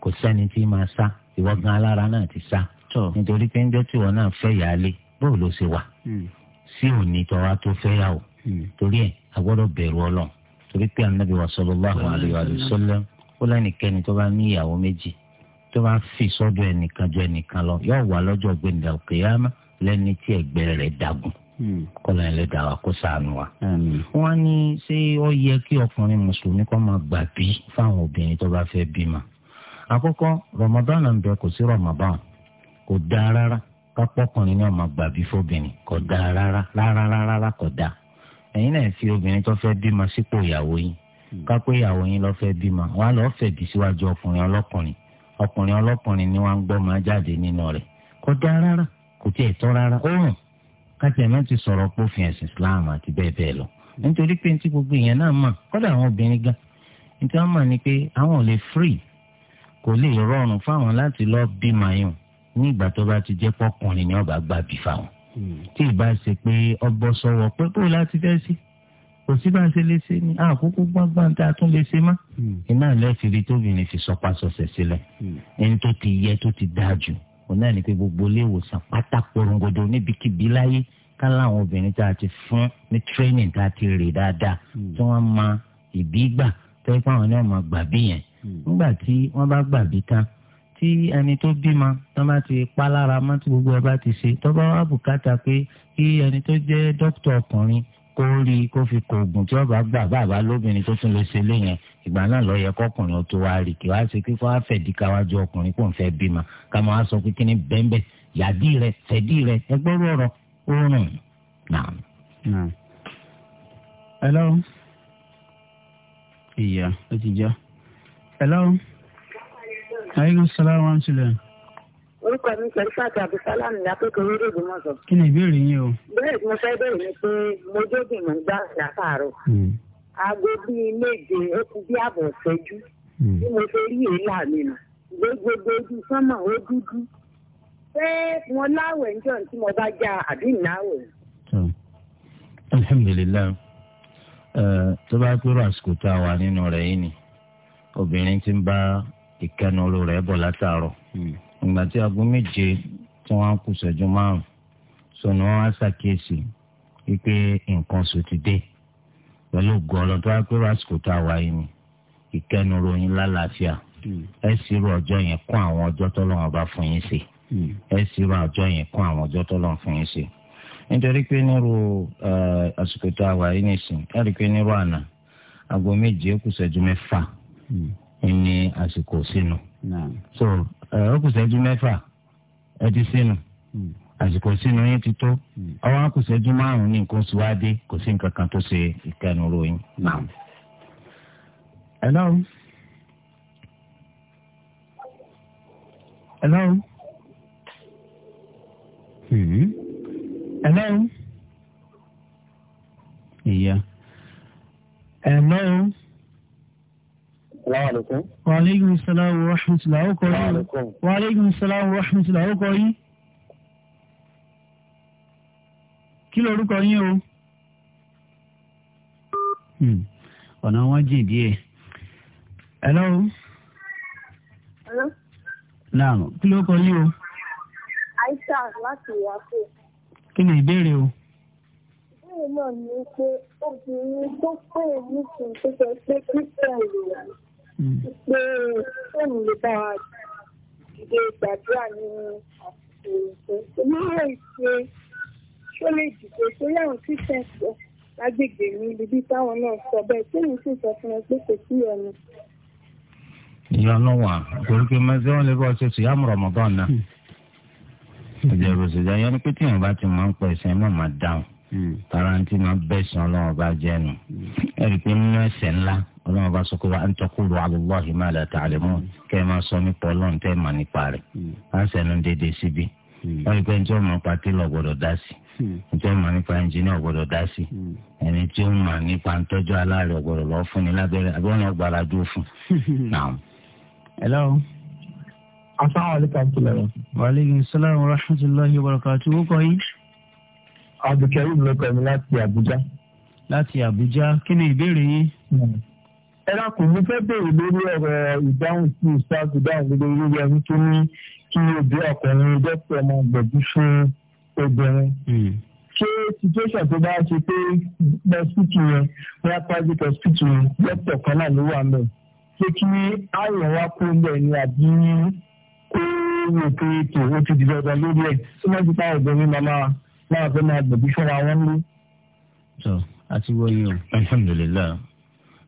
kò sẹ́ni tí máa sá ìwọ gan alára náà ti sá nítorí pé ń jẹ́ tí ìwọ náà fẹ́ yàálé bóò ló ṣe wà hmm. sí òní tó tó fẹ́ yà ó hmm. torí ẹ̀ a gbọ́dọ̀ bẹ̀rù ọlọ́run torí pé anabi wa sallallahu alayhi wa sallam ó lẹ́nìkẹ́ni tó bá ní ìyàwó méjì tó bá fi sọ́dọ̀ ẹnìkan ju ẹnìkan lọ yóò wà lọ́jọ́ gbẹ̀ndà kíyámà lẹ́ni tí ẹ̀gbẹ́ rẹ̀ dàgùn Hmm. kọ́lá ẹlẹ́dàá wa kó sànù wa. wọ́n ní ṣé ó yẹ kí ọkùnrin mùsùlùmí kó máa gbà bí fáwọn obìnrin tó bá fẹ́ bímọ. àkọ́kọ́ Ramadan ń bẹ kò sí Ramadan kò dáa rárá kápọ́kùnrin náà máa gbà bí fóbìnrin kò dáa rárá rárá rárá kò dáa. ẹ̀yin náà fi obìnrin tó fẹ́ bímọ sípò ìyàwó yín hmm. kápẹ́ ìyàwó yín lọ́ fẹ́ bímọ wọn á lọ́ọ́ fẹ̀bí síwájú ọkùnrin ọlọ́kùnrin ọkùnrin ọlọ́kùnrin ni wọ́n ń gbọ́ máa jáde nínú rẹ̀ kò dáa rárá kò tiẹ̀ tọ́ rárá ó rùn kájẹ náà ti sọ̀rọ̀ pófin ẹ̀sìn islam àti bẹ́ẹ̀ bẹ́ẹ̀ lọ nítorí pé tí gbogbo èèyàn náà mọ̀ kọ́dà àwọn obìnrin gan nítorí wọ́n mọ̀ ni pé àwọn ò lè free kò lè rọrùn fáwọn láti lọ bí mayun ní ìgbà tó bá ti jẹ́ pọ́kùnrin ni ọba gbà bí fáwọn hmm. tí ìbá ṣe pé ọgbọ́ sọ̀rọ̀ pé kó láti fẹ́ sí kò sí bá ṣe lè ṣe ni àkókò gbọ́ngbọ́n tá a tún lè ṣe mọ́ hmm. iná lẹ́ẹ̀fì rí tóbi ní fi sọpasọ̀sẹ̀ sílẹ̀ hmm òun náà ní pé gbogbo ilé ìwòsàn pátá porongodo níbikíbi láyé ká láwọn obìnrin tá a ti fún ní training tá a ti rè dáadáa hmm. tí wọ́n máa ìbí gbà tó yẹ káwọn náà máa gbà bí yẹn hmm. nígbà tí wọ́n bá gbà bí tán tí ẹni tó bímọ tó bá ti pa lára tí gbogbo ẹ bá ti ṣe tó bá wà bùkátà pé kí ẹni tó jẹ́ dókítà ọkùnrin kó rí kó fi kó oògùn tí ọba gbà bàbá lóbìnrin tó tún lè ṣe léyìn ìgbà náà lọ yẹ kọkùnrin tó wá rí kí wá ṣe pé kó wá fẹ̀dí káwájú ọkùnrin kó ń fẹ́ bímọ ká máa sọ pé kí ni bẹ́ńbẹ́ yàdí rẹ fẹ̀dí rẹ ẹgbẹ́rún ọ̀rọ̀ oorun náà. hello ìyá ó ti já hello aleykum salaam wa rahmatulah. orúkọ mi ṣe ṣáàtì abdulsalam ní akẹ́kọ̀ọ́ orí Ògbómọ̀ṣọ́. kí ni ìbéèrè yín o. bẹ́ẹ̀ mo fẹ́ ni pé mo jókòó mọ̀ gbà látàárọ̀ hmm. aago bíi méje ó kù bí ààbọ̀ ṣẹ́jú hmm. bí mo ṣe rí èélà mi nù gbogbogbò ojú sánmà ó dúdú wọn láwẹ̀ ń jọ̀ tí mo bá já àbí alhamdulilayi tó bá àsìkò a wà nínú yìí ìgbà tí aago méje tí wọ́n kù ṣẹ́jú márùn sọnù wọn á ṣàkíyèsí wípé nǹkan oṣù ti dé pẹ̀lú ògùn ọlọ́dún akérò àsìkò tá a wà yìí ni ìkẹnu ròyìn lálàáfíà hmm. ẹ sì rú ọjọ́ yẹn kún àwọn ọjọ́ tọ́lọ́run bá fún yín sí hmm. ẹ sì rú ọjọ́ yẹn kún àwọn ọjọ́ tọ́lọ́run fún yín sí nítorí pé nírú àsìkò tá a wà yìí nìsín ẹ rí i pé nírú àná aago méje kù ṣẹ́jú mẹ́fà hmm. ni àsìkò sínú. Mm so eh, ó kù ṣẹ́jú mẹ́fà ẹ ti sínú hmm. àsìkò sínú yín ti tó ọwọ́ hmm. á kù ṣẹ́jú márùn-ún ní nǹkan oṣù wáde kò sí nǹkan kan tó ṣe ìkẹnu ròyìn. hello. hello. Hmm. hello. hello. hello? Wàlẹ́gùn ìsàlámù rọ́ṣùmùsùlá ó kọ́ yìí. Wàlẹ́gùn ìsàlámù rọ́ṣùmùsùlá ó kọ́ yìí. Kí lorúkọ yín o? Hmm. Ọ̀nà wọn jìn díẹ̀. Hello. Hello. Naam, kí ló kọ yín o? Aisha láti Ìyáfẹ́. Kí ni ìbéèrè o? Ìbéèrè náà ni pé obìnrin tó pè é nísìnyí tó sọ pé kíkẹ́ ìròyìn. Mm. pé fóònù lè bá wa dìde gbàdúrà nínú àsìkò ìgbà náà ìṣe ṣó lè dìde tó yàrá kíkẹ́ sọ lágbègbè mi ibi táwọn náà sọ bẹ́ẹ̀ tí mo sì sọ fún ẹ pé kò sí ẹnu. ìyọnu wà torí pé mẹsẹ wọn lè bọ ṣe sùn yàmù rọmọgán náà ọjà ìrọsẹjà yọ ni pé tí yàrá bá ti máa ń pẹ ẹsẹ náà máa dáhùn mm. tara ti máa bẹsàn bá jẹ mm. ẹ rí i pé nínú ẹsẹ ńlá ọlọ́run bá sọ pé wa an taqulu ala Allahi ma la mm. kẹ́ ẹ máa sọ nípa ọlọ́run tẹ́ ẹ máa nípa rẹ̀ á mm. ń sẹ́nu déédéé síbi mm. wọ́n rí pé njẹ́ ọmọ pàtí lọ gbọ́dọ̀ dá sí njẹ́ ọmọ nípa dá sí ẹni tí ó mi láti Abuja. láti Abuja kí ni ìbéèrè yín. ẹ̀rọ kò ní fẹ́ bèrè lórí ọ̀rọ̀ ìdáhùn sí ìṣáájú dáhùn lórí lórí ẹni tó ní kí obì ọkùnrin dẹ́pọ̀ ọmọ gbẹ̀bí fún obìnrin. Hmm. ṣé situation tó bá ṣe pé hospital yẹn wọ́n á private hospital yẹn dẹ́pọ̀ kan náà ló wà mẹ́ ṣé kí àrùn wa kó ń bẹ̀ ni àbí kó wò pé ètò ó ti di dandan lórí ẹ̀ tí wọ́n ti pa obìnrin màmá máa fẹ́ máa gbẹ̀bí fúnra wọn ní. àti wọ́n yìí o. alhamdulilayi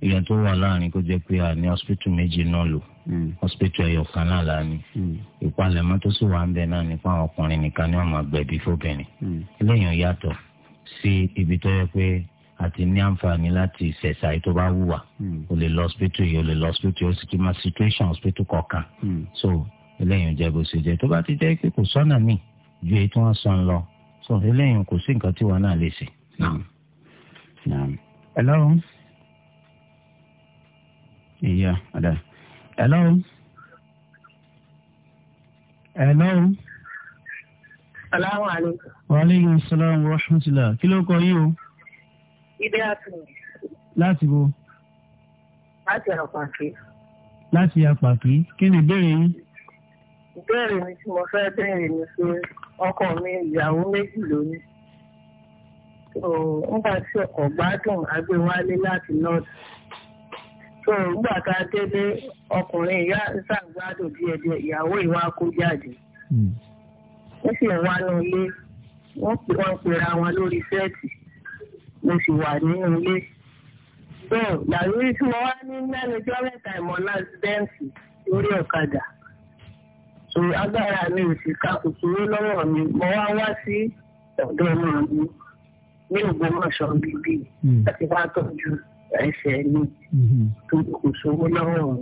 ìyẹn tó wà láàrin kó jẹ́ pé a ní hospital méjì náà lò hmm. hospital ẹyọ kan náà la ní hmm. ìpalẹ̀mọ́ tó sì wà ń bẹ náà nípa àwọn ọkùnrin nìkan ni wọ́n máa gbẹ̀bí fóbìnrin hmm. eléyìí yàtọ̀ sí ibi tó yẹ pé àti ní àǹfààní láti ṣẹ̀ṣà yìí tó bá wùwà o lè lọ hospital yìí o lè lọ hospital yìí o sì kí máa situation hospital kọ̀ọ̀kan so eléyìí jẹ́ bó ṣe jẹ́ tó bá ti jẹ́ pé kò sọ́nà míì ju èyí tí wọ́n sọ ń lọ so eléyìí kò sí nǹkan tí wọ́n náà lè ṣe. Hello ìyá ọ̀dà hello hello. salaamu aleykum. wa aleykum salaam wa rahmatulah kí ló kọ yín o. ibi àtúnú. láti bo. láti àpàkì. láti àpàkì kí ni ìbéèrè yín. ìbéèrè mi tí mo fẹ́ béèrè ni pé ọkọ mi ìyàwó méjì lónìí nígbà tí ọkọ gbádùn agbéwálé láti north so nígbà tá a délé ọkùnrin ìyá ṣàgbádùn díẹ̀díẹ̀ ìyàwó ìwà kó hmm. ó sì ń wá ilé wọ́n pè wọ́n wọn lórí sẹ́ẹ̀tì mo sì wà nínú ilé so làwọn tí mo wá ní mẹ́rin jọ́ mẹ́ta ìmọ̀ lásìdẹ́ǹtì lórí ọ̀kadà so agbára mi ò sì ka lọ́wọ́ mi mo wá wá sí ọ̀dọ́ ọmọ mi ní bíbí hmm. láti wá tọ́jú ẹsẹ̀ mi tó kò sówó lọ́wọ́ òun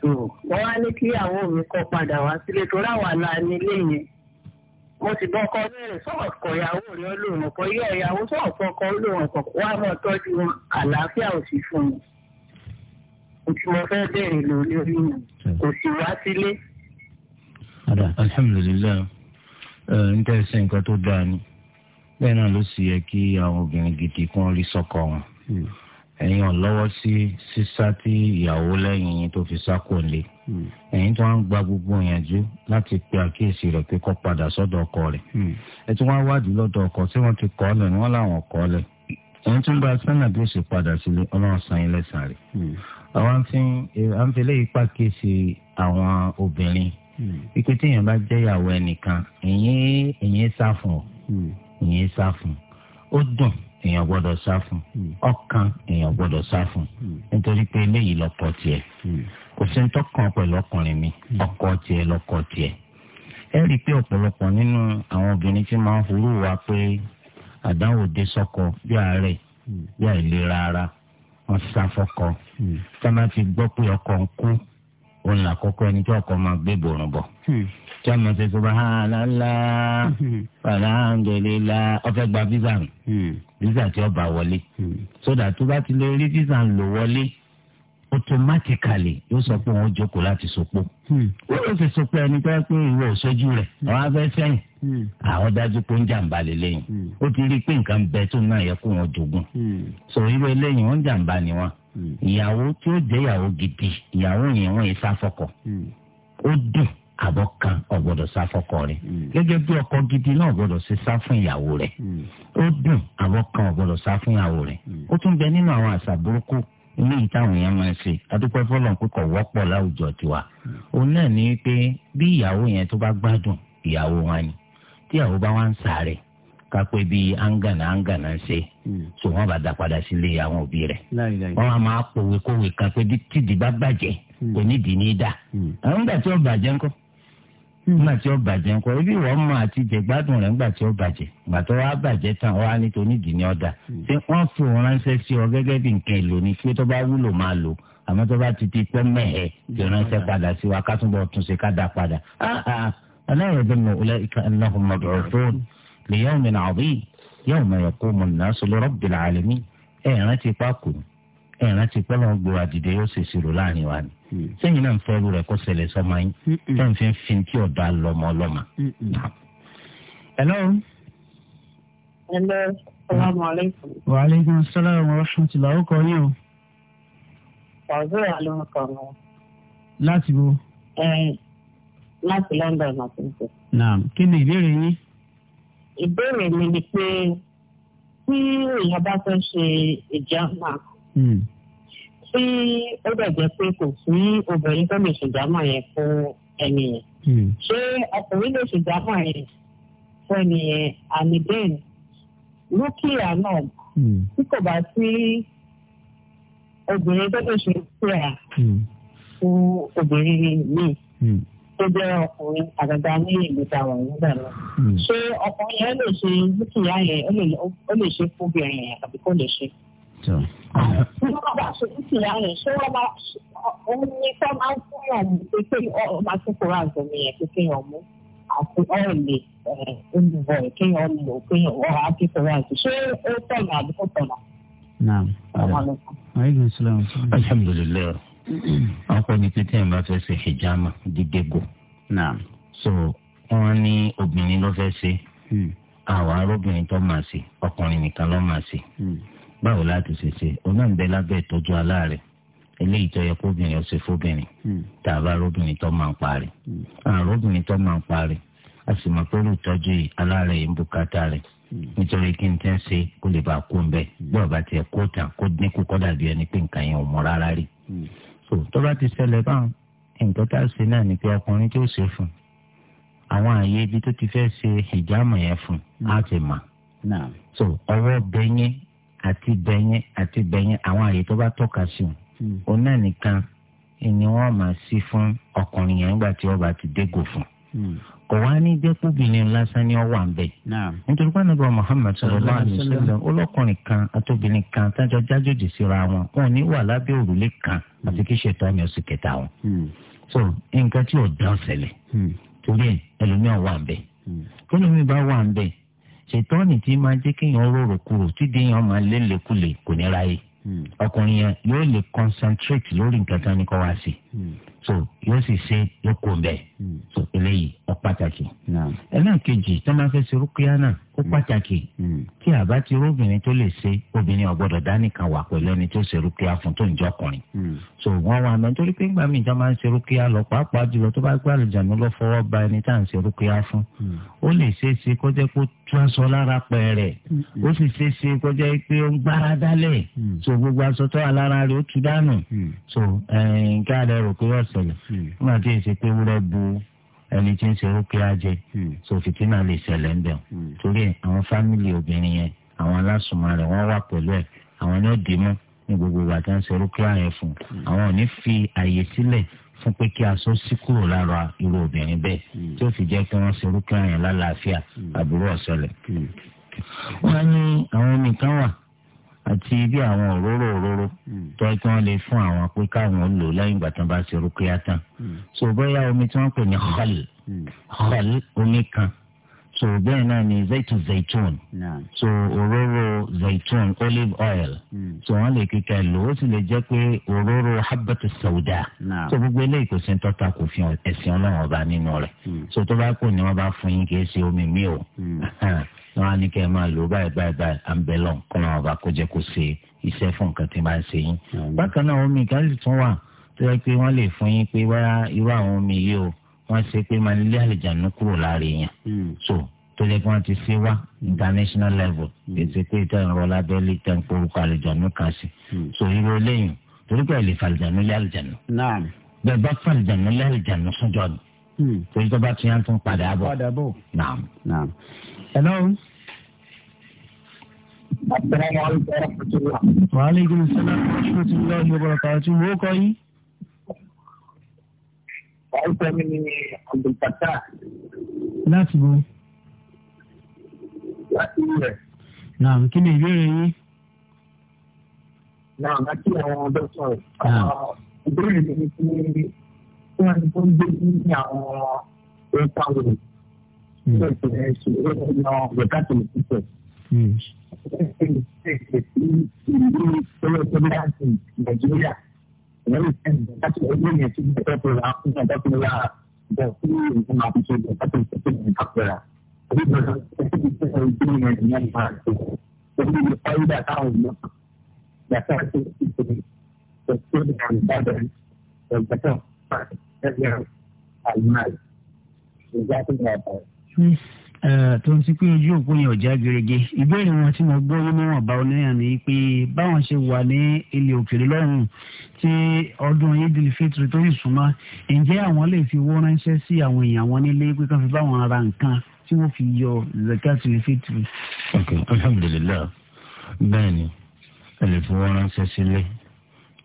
tó wọ́n wá ní kíyàwó mi kọ́ padà wá sílé tó ráwà la nílé yẹn mo sì bọ́ ọkọ bẹ̀rẹ̀ sọ̀kọ̀ ìyàwó rẹ̀ lòun ọ̀pọ̀ ilé ìyàwó sọ̀kọ̀ ọkọ lòun ọ̀pọ̀ wá mọ̀ tọ́jú wọn àlàáfíà ò sì fún mi òtí mo fẹ́ bẹ̀rẹ̀ lórí orí mi kò sì wá sílé. alhamdulilayi n tẹ́ sẹ́yìn kan tó dáa ni bẹ́ẹ̀ náà ló sì yẹ kí àwọn obìnrin gidi kún orí sọ́kọ wọn. Hmm. ẹ̀yin ò lọ́wọ́ sí sísá tí ìyàwó lẹ́yìn yín tó fi sá kò lé hmm. ẹ̀yin tó ń gba gbogbo ìyànjú láti pe àkíyèsí rẹ̀ pé kó padà sọ́dọ̀ ọkọ rẹ̀ ẹ̀ tí wọ́n wádìí lọ́dọ̀ ọkọ tí wọ́n ti kọ́ lẹ̀ ni wọ́n láwọn kọ́ lẹ̀ ẹ̀yin tó ń bá sẹ́nà bí ó ṣe padà sílé ọlọ́run san ilẹ̀ sàn rẹ̀ hmm. àwọn àǹfẹ̀lẹ́ yìí pàkíyèsí àwọn obìnrin wípé téèyàn bá jẹ́yàwó ẹnìkan ẹ̀yin ẹ̀yin sá fún ọ ẹ̀yin sá fún ó dùn èèyàn gbọ́dọ̀ sá fún hmm. ọkàn èèyàn gbọ́dọ̀ sá fún hmm. nítorí pé eléyìí lọkọ tiẹ̀ hmm. kò sí ní tọkàn pẹ̀lú ọkùnrin mi ọkọ tiẹ̀ lọkọ tiẹ̀ ẹ rí i pé ọ̀pọ̀lọpọ̀ nínú àwọn obìnrin tí máa ń forú wa pé àdánwò dé sọ́kọ bí àárẹ̀ bí àìlera ara wọn sá fọ́kọ tá a máa fi gbọ́ pé ọkọ ń kú òun làkọ́kọ́ ẹni tí ọkọ máa gbé bòrùn bọ̀ tí a mọ̀ sí subhanallah alhamdulillah ó fẹ́ gba visa nù visa tí ó wọlé so that tó bá ti lè rí visa lò wọlé automatically yóò sọ pé òun jókòó láti sopọ̀ wọ́n yóò fi sopọ̀ ẹni pé pé ìwọ òṣojú rẹ̀ àwọn afẹ́ sẹ́yìn àwọn dájú pé ń jàǹbá lélẹ́yìn ó ti rí i pé nǹkan bẹ tó náà yẹ kó wọn jogún sọ irú eléyìí wọ́n ń jàǹbá ni wọn ìyàwó tí ó jẹ́ ìyàwó gidi ìyàwó yẹn wọ́n yẹn sáfọkọ̀ ó dùn abọ kan ọgbọdọ sá fọkọrin hmm. gẹ́gẹ́ bí ọkọ gidi náà ọgbọdọ ṣe sá fún ìyàwó rẹ̀ hmm. ó dùn àbọ̀ kan ọgbọdọ sá fún ìyàwó rẹ̀ hmm. ó tún bẹ nínú àwọn àṣà burúkú eléyìí táwọn èèyàn máa ń ṣe adúpẹ́ fọlọ́n pé kò láwùjọ tiwa òun náà ní pé bí ìyàwó yẹn tó bá gbádùn ìyàwó wọn ni tí ìyàwó bá ń sáré angana angana ṣe so wọ́n bá dá padà sílé àwọn òbí máa pòwe kówe pé kò ní dì ní í dà àwọn Hmm. nígbà tí ó bàjẹ́ ńkọ ibi ìwọ ọmọ àti jẹ̀gbádùn rẹ̀ nígbà tí ó bàjẹ́ ìgbà tó wá bàjẹ́ tán wá ní tonídìí ní ọ̀dà hmm. ṣé wọ́n fi òun ránṣẹ́ sí ọ gẹ́gẹ́ bí nǹkan èlò ni pé tó bá wúlò máa lò àmọ́ tó bá ti pẹ́ mẹ́hẹ̀ tí hmm. ránṣẹ́ padà sí wa kátúbọ̀ tún ṣe ká dà padà. aláìrẹ̀ bí mo ulẹ̀ ẹ̀ràn ti pẹ́ lọ́n gbọ́ àdìdẹ yóò ṣe ìṣirò láàrin wa ni sẹ́yìn náà ń fẹ́ irú rẹ̀ kó ṣẹlẹ̀ sọ́mọ yín tẹ́ǹ fi ń fi kí ọ̀dọ́ àlọ́mọ ọlọ́mọ. hello. hello salaamaleykum. wa aleykum salaam wa rahmatulah ó kọ yín o. ọ̀dọ́ àlọ́ ọkọ̀ mi. láti wo. láti London àti ìjọ. naam kí ni ìbéèrè yín. ìbéèrè mi ni pé tí èèyàn bá fẹ́ ṣe ìjàmbá tí hmm. ó dẹ̀ pé kò sí obìnrin tó lè ṣèjámọ̀ yẹn fún ẹni yẹn hmm. ṣé ọkùnrin lè yẹn fún ẹni yẹn àmì bẹ́ẹ̀ lókìá náà tí kò bá sí obìnrin ṣe hmm. fún obìnrin míì tó jẹ́ ọkùnrin àgàgà ní nígbà náà. ṣé ọkùnrin yẹn lè ṣe yẹn ó lè ṣe fún obìnrin yẹn àbí kò kìlá rẹ̀ ṣé wọ́n máa òun ni fẹ́ máa ń fúnyàn mú pé kí ọ máa tún kóra àgbọ̀n mi yẹn pé kéèyàn mú àti ọ̀ọ́lì eh, olùbọ̀ rẹ̀ kéèyàn lò kéèyàn wọ́n á kí kóra àgbọ̀n ṣé ó tọ̀nà àbí kò tọ̀nà. naam aleykum salaam. alhamdulilayi ọkọ ni pété ẹ bá fẹ́ ṣe hijama dídé go. naam so wọn ní obìnrin ló fẹ́ ṣe hmm. àwọn arúgbìn tó máa ṣe ọkùnrin nìkan ló máa ṣe. Hmm báwo láti ṣe ṣe ọ̀nà ń bẹ lábẹ́ ìtọ́jú aláàrẹ̀ eléyìí tó yẹ kóbìnrin ọ̀sẹ̀ fóbìnrin hmm. tá a bá róbìnrin tó máa ń parí àrùn hmm. obìnrin tó máa ń parí a sì mọ̀ pé olùtọ́jú aláàrẹ̀ yìí ń bùkátà rẹ̀ hmm. nítorí kí n tẹ́ ṣe kó lè bá a kó ń bẹ̀ bí ọba tiẹ̀ kó tàn kó dínkù kó dàbí ẹni pé nǹkan yẹn ò mọ rárá rí. tó bá ti ṣẹlẹ̀ báwọn nǹkan tá a ṣe náà ni pé ọkùnrin tó ṣe fún àwọn àyè ibi tó ti fẹ́ ṣe ìjámọ̀ yẹn fún á ti mà. so ọwọ́ bẹ́yẹn àti bẹ̀yẹn àti bẹ̀yẹn àwọn àyè tó bá tọ́ka sí o hmm. òun náà nìkan ni wọ́n máa sí fún ọkùnrin yẹn nígbà tí ọba ti dégò fún hmm. kò wá ní dẹ́kúbìnrin lásán ni ó wà ń bẹ̀. nítorí pé ànábì Muhammad sallallahu alaihi wasallam olókùnrin kan àtòbìnrin kan tájọ jájòjì síra wọn wọn ò ní wà lábẹ́ òrùlé kan hmm. àti kí ṣètò àmì ọ̀sìn kẹta wọn. so nǹkan tí ò dán ṣẹlẹ̀ torí ẹ̀ ẹlòmíràn wà ń bẹ̀. kí lómi bá wà ń bẹ̀ ṣètọ́nì tí máa jẹ́ kéèyàn rorò kúrò tíde yẹn máa lé lékulè kò ní ráyè hmm. ọkùnrin yẹn yóò lè concentrate lórí nǹkan kan ní kó wá sí hmm. so yóò sì ṣe yóò kó bẹ́ẹ̀ hmm. so eléyìí pàtàkì. ẹlẹ́ẹ̀kejì tó máa fẹ́ ṣe rúkìá náà ó mm. pàtàkì kí mm. àbá ti róbìnrin tó lè ṣe obìnrin ọ̀gbọ́dọ̀ dánìkan wà pẹ̀lú ẹni tó ṣe rúkìá fún tó ń jẹ́ ọkùnrin. Mm. so wọn wà mẹ nítorí pé ńgbà míì tó máa ń ṣe rúkìá lọ pàápàá jùlọ tó bá gbé àlùjánu lọ fọwọ́ ba ẹni tá à ń ṣe rúkìá fún. ó lè ṣe é ṣe kó jẹ́ kó tú aṣọ lára pẹ̀rẹ̀ ó sì ṣe é ṣe kó jẹ́ pé ó ń gbára dálẹ̀ so gbogbo aṣọ tó wà lára rẹ̀ ó tú dànù so nǹkan rẹ̀ ẹni tí ń ṣe rúkẹ́ àjẹ hmm. so fìtínà lè ṣẹlẹ̀ ń bẹ̀ hmm. torí àwọn fámìlì obìnrin yẹn àwọn alásùnmọ́ rẹ̀ wọ́n wà pẹ̀lú ẹ̀ àwọn ni ó dì í mú ní gbogbo ìgbà tí wọ́n ṣe rúkẹ́ àyẹ̀ fún hmm. àwọn ò ní fi àyè sílẹ̀ fún pé kí aṣọ sí kúrò lára irú obìnrin bẹ́ẹ̀ tí ó fi jẹ́ kí wọ́n ṣe rúkẹ́ àyẹ̀ lálàáfíà àbúrò ọ̀ṣọ́lẹ̀. wọ́n á ní àwọn nìkan wà àti bí àwọn òróró òróró hmm. tó ẹ tí wọ́n lè fún àwọn pé káwọn lò lẹ́yìn ìgbà tí wọ́n bá ṣe rúkúyà tán hmm. so bóyá omi tí wọ́n pè ní khal hmm. khal omi kan so bẹ́ẹ̀ náà ni zaitu zaitun so òróró zaitun olive oil so wọ́n lè kíkẹ́ lò ó sì lè jẹ́ pé òróró habatu sauda so gbogbo eléyìí kò sí tọ́ta kò fi ẹ̀sìn ọlọ́run ọba nínú rẹ̀ so tó bá kù ni wọ́n bá fún yín kì í ṣe omi mi o. [laughs] wọn á ní kẹ́ ẹ máa lò báyìí báyìí báyìí à ń bẹ lọ kọ́ làwọn bá kó jẹ́ kó ṣe iṣẹ́ fún nǹkan tí máa ń ṣe yín. bákan náà omi kan sì tún wà tó yẹ pé wọ́n lè fún yín pé wáyà irú àwọn omi yìí o wọ́n ṣe pé máa ń lé àlìjánu kúrò láàrin yẹn. Hmm. so tó yẹ kí wọ́n ti ṣe wá hmm. international level èsì hmm. pé ìtàn ìrọ̀lá bẹ́ẹ̀lì tẹ̀ ń porúkọ àlìjánu kan sí. so irú eléyìí torí pé lè falìjànú lé àlìjànú. bẹ́ẹ̀ bá falìjànú lé àlìjànú sọ́jọ́ ni. torí tó bá tún hello. Assalamu alaikum wa rahmatullah. Wa alaikum assalam wa rahmatullahi wa barakatuh. Wo kọ́ yín? Orúkọ mi ni Abdulfatah. Láti wo? Láti rẹ̀. Náà kí ni ìbéèrè yín? Náà bá kí àwọn ọdọ sọ̀rọ̀. Ìbéèrè mi ni kí wọ́n ti tó ń gbé ní àwọn ẹ̀ka wò. Ṣé ìṣòro ìṣòro ìṣòro ìṣòro ìṣòro ìṣòro ìṣòro Nigeria. That's what we're going to do. That's what we're going to do. That's what we're going to do. That's what we're going to do. Mm-hmm. tó ń ti pé ojú òpó yẹn ọ̀já gerege ìbéèrè wọn tí mo gbọ́ yín níwọ̀n bá oníyàn ni pé báwọn ṣe wà ní ilẹ̀ òkèèrè lọ́rùn tí ọdún idil fitri tó yìí súnmọ́ ǹjẹ́ àwọn lè fi owó ránṣẹ́ sí àwọn èèyàn wọn nílé pé kán fi báwọn ara nǹkan tí wọ́n fi yọ zakatul fitri. ok alhamdulilayi bẹ́ẹ̀ ni ẹ lè fi owó ránṣẹ́ sílé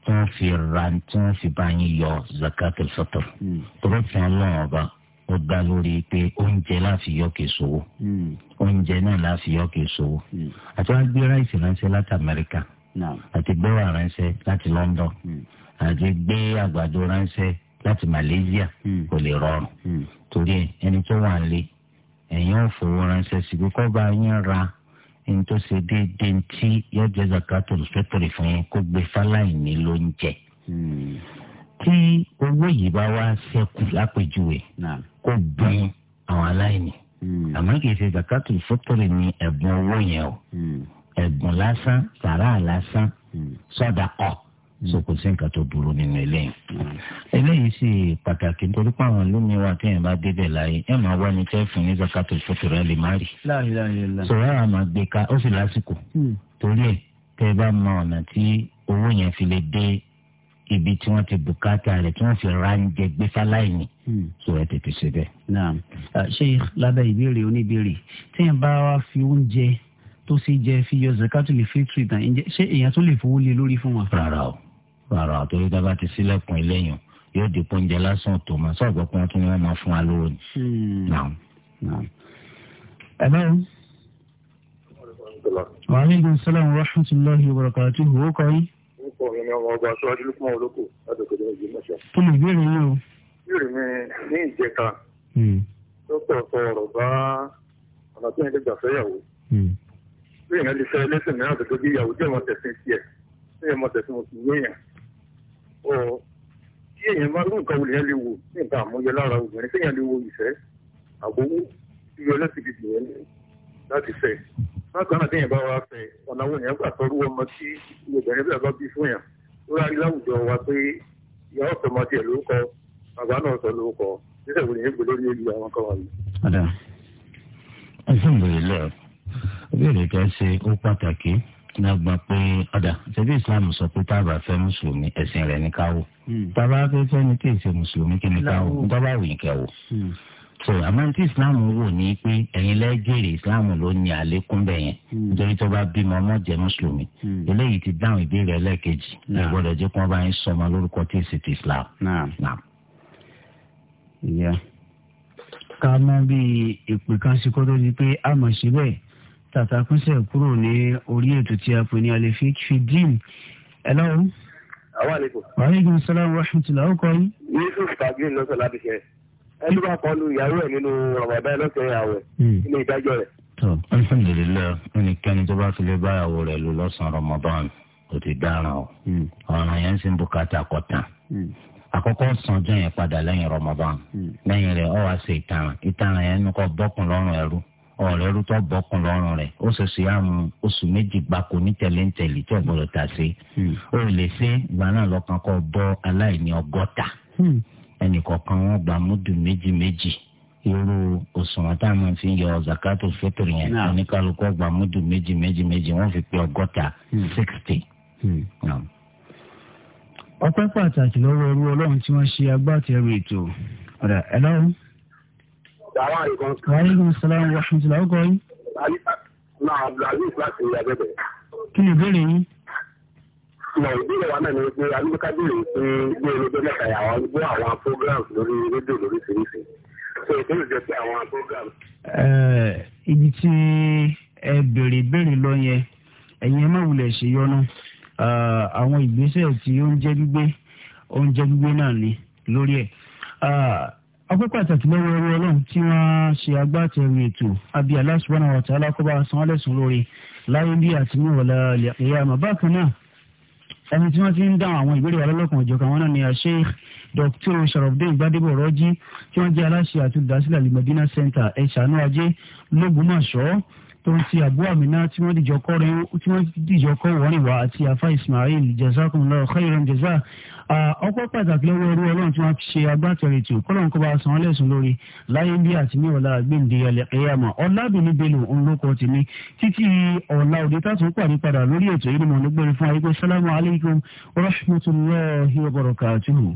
tí wọ́n fi ra tí wọ́n fi bá yín yọ zakatul fitri hmm ó dá lórí pé oúnjẹ láfi yọkè sówó hmm. oúnjẹ náà láfi yọkè sówó hmm. àti wọn gbé ráìsì ránṣẹ́ láti Amẹ́ríkà àti gbé wà ránṣẹ́ láti London hmm. àti gbé àgbàdo ránṣẹ́ láti Malaysia kò lè rọrùn torí ẹni tó wà lé ẹ̀yin ò fowó ránṣẹ́ sí pé kọ́ bá yín ra ẹni tó ṣe déédéé tí yọjẹ zakato lùfẹ́tọ̀rì fún yín kó gbé fáláì ní ló tí owó yìí bá wá ṣẹ́kù lápèjúwe kó bùn àwọn aláìní hmm. àmọ́ kì í ṣe zakatu fọ́tọ̀rì ní ẹ̀bùn owó yẹn o hmm. ẹ̀bùn lásán sàrà lásán sọ́dà ọ̀ sọkò sí nǹkan tó burú nínú eléyìí eléyìí sì pàtàkì nítorí pé àwọn lómi wa téèyàn bá débẹ̀ láyé ẹ máa wá ní tẹ́fún ní zakato ìfọ́tò rẹ lè má rí sọ̀rọ̀ àwọn máa gbé ká ó sì lásìkò hmm. torí ẹ̀ tẹ́ bá mọ ọ̀nà tí owó yẹn fi lè dé ibi tí wọ́n ti bùkátà rẹ̀ tí wọ́n fi ránjẹ gbé fáláìní hmm. so ẹ tètè ṣe bẹ́ẹ̀. naam ṣé lábẹ́ ìbéèrè oníbéèrè tí ẹ̀ bá wa fi oúnjẹ tó sì jẹ fi yọ zakatul fitri tán ṣé èèyàn tó lè fowó lé lórí fún wa. rárá o rárá o torí dábàá ti sílẹ̀kùn eléyìn yóò di oúnjẹ lásán tó máa sọ̀gbọ́n pé wọ́n tún wọ́n máa fún wa lóró ni. ẹ lọ́run. wàhálà ìgbọ̀nsẹ̀ làwọn rahmatulahi wa barakatuhu ó kọ́ yín púpọ̀ yẹn ni ọmọ ọba aṣọ́wájú ló kún olóko ládòkòdó ìlú mẹ́sàn. kí ni ìbéèrè yẹn o. ìbéèrè mi ní ìjẹta dókítà hmm. sọ ọ̀rọ̀ bá ọ̀nà tó ń lè gbà fẹ́yàwó. Hmm. bí èèyàn lè fẹ́ ẹlẹ́sìn mìíràn tó gbé ìyàwó jẹ́ wọn tẹ̀sìn tiẹ̀ bí èèyàn mọ tẹ̀sìn oṣù yéèyàn. ọ kí èèyàn máa rú nǹkan olè yẹn lè wò ní nǹkan àmúyẹ lára obìnrin tí èèyàn lè wo ìfẹ́ àbówó yíyọ lẹ́sìn gidi bákan náà téèyàn bá wa fẹ́ ọ̀nà wo yẹn gbà tọ́rú ọmọ tí obìnrin bẹ́ẹ̀ bá bí fún yàn ó rárí láwùjọ wa pé ìyá ọ̀pẹ̀ ọmọ tiẹ̀ lórúkọ bàbá náà sọ lórúkọ níṣẹ́ wo yẹn gbé lórí olú àwọn kan wà lọ. ọ̀dà alhamdulilayi obìnrin kan ṣe ó pàtàkì lágbà pé ọ̀dà ṣẹ́bí islam sọ pé tá a bá fẹ́ mùsùlùmí ẹ̀sìn rẹ̀ ní káwọ́ hmm. tá a bá fẹ́ fẹ́ ni kí èsì mùsùlùmí kí ni káwọ́ tá a bá ní kẹwọ́ so àmọ́ tí islam wò ní pé ẹ̀yin lẹ́gẹ̀rẹ̀ islam ló ní àlékún bẹ̀ yẹn hmm. nítorí tó bá bímọ ọmọ jẹ́ mùsùlùmí hmm. eléyìí ti dáhùn ìbéèrè ẹlẹ́ẹ̀kejì ẹ jẹ́ kí wọ́n bá yín sọmọ lórúkọ tí èsì ti islam. ká mọ̀ bí ìpè kan sí kótó di pé a mọ̀ síbẹ̀ tàtàkùnsẹ̀ kúrò ní orí ètò tí a pè ní àlefi fìdín ẹ lọ́wọ́. àwọn àlejò. wàhálà ìgbìmọ̀ sọ́lá wàhálà ìtùlá ó kọ́ yín. yusuf ẹni bá kọ lu ìyàwó ẹ nínú Ramadan lọ́sẹ̀ àwẹ̀ nínú hmm. ìdájọ́ rẹ̀. tó alhamdulilayi ẹnikẹ́ni tó bá fi lè báyàwó rẹ̀ lò lọ́sàn-án Ramadan kò ti dáràn o hmm. ọ̀ràn yẹn sì ń bùkátà kọ̀tàn hmm. àkọ́kọ́ sanjọ́ yẹn padà lẹ́yìn Ramadan lẹ́yìn rẹ̀ ọ wá ṣe ìtaràn ìtaràn yẹn nìkan bọ́kùn lọ́rùn ẹrú ọ̀rẹ́ ẹrú tó bọ́kùn lọ́rùn rẹ̀ ó ṣe ṣìyàmù oṣù méjì gbáko ní tẹ̀léńtẹ̀lé tí ọ̀gbọ́dọ̀ tà sí ó lè ṣe ìgbà náà lọ́kàn kọ́ bọ́ aláìní ọgọ́ta ẹnìkọ̀ọ̀kan wọn gba múdù méjì méjì irú òṣùwọ̀n tá a máa fi yọ zakato fẹ́tọ̀ yẹn oníkálukọ́ gba múdù méjì méjì méjì wọ́n fi pe ọgọ́ta hmm. sixty. Hmm. ọpẹ́ pàtàkì lọ́wọ́ ẹrú ọlọ́run tí wọ́n ṣe agbátẹrù ètò ọ̀dà ẹ lọ́rùn. wàhálà ìsàlámù wàhálà ìsàlámù ọkọ yìí. kí ni ìbéèrè yín mọ ìbéèrè wa náà ni pé alúgbẹ́ká béèrè pé bí olóògbé mẹ́ta yà wọ́n gbọ́ àwọn programs lórí rédíò lóríṣiríṣi so ìbéèrè jẹ́ pé àwọn programs. ibi tí ẹ béèrè ìbéèrè lọ yẹn ẹ̀yin ẹ má wulẹ̀ ṣe yọnu àwọn ìgbésẹ̀ tí oúnjẹ gbígbé oúnjẹ gbígbé náà ni lórí ẹ̀ ọpẹ́ pàtàkì lọ́wọ́ ẹrú ọlọ́run tí wọ́n ṣe agbátẹrù ètò àbí Allah subhanahu wa ta'ala kó bá san án lẹ́san lórí láyé bí àti ọ̀la ìyá àmọ́ bákan náà ẹni tí wọ́n ti ń dáhùn àwọn ìbéèrè alọ́lọ́kan ọ̀jọ̀kan wọn náà ni Sheikh Dr. Sharafdeen Gbadebo Rọ́jí tí wọ́n jẹ́ aláṣẹ àti olùdásílẹ̀ al Center ẹ̀ṣánú ajé lógúnmọ̀ṣọ́ tó ń ti àbú àmìnà tí wọ́n dìjọ kọ́ rẹ̀ tí wọ́n dìjọ kọ́ wọ́nìwá àti àfa ismail jazakumullahu khairan jaza ọpọ́ pàtàkì lọ́wọ́ ẹrú ọlọ́run tí wọ́n ṣe agbátẹrẹ tó kọ́lọ́n kọ́ bá san lẹ́sùn lórí láyé bí àti ní ọ̀la gbèǹde ẹlẹ́kẹ́yàmọ̀ ọ̀làbìní bello olóko ti ní títí ọ̀la òde tàtún pàdé padà lórí ètò yìí mọ̀ lọ́gbẹ̀rẹ̀ fún ayégbé sálámù aleykum rahmatulahi wa barakatuhu.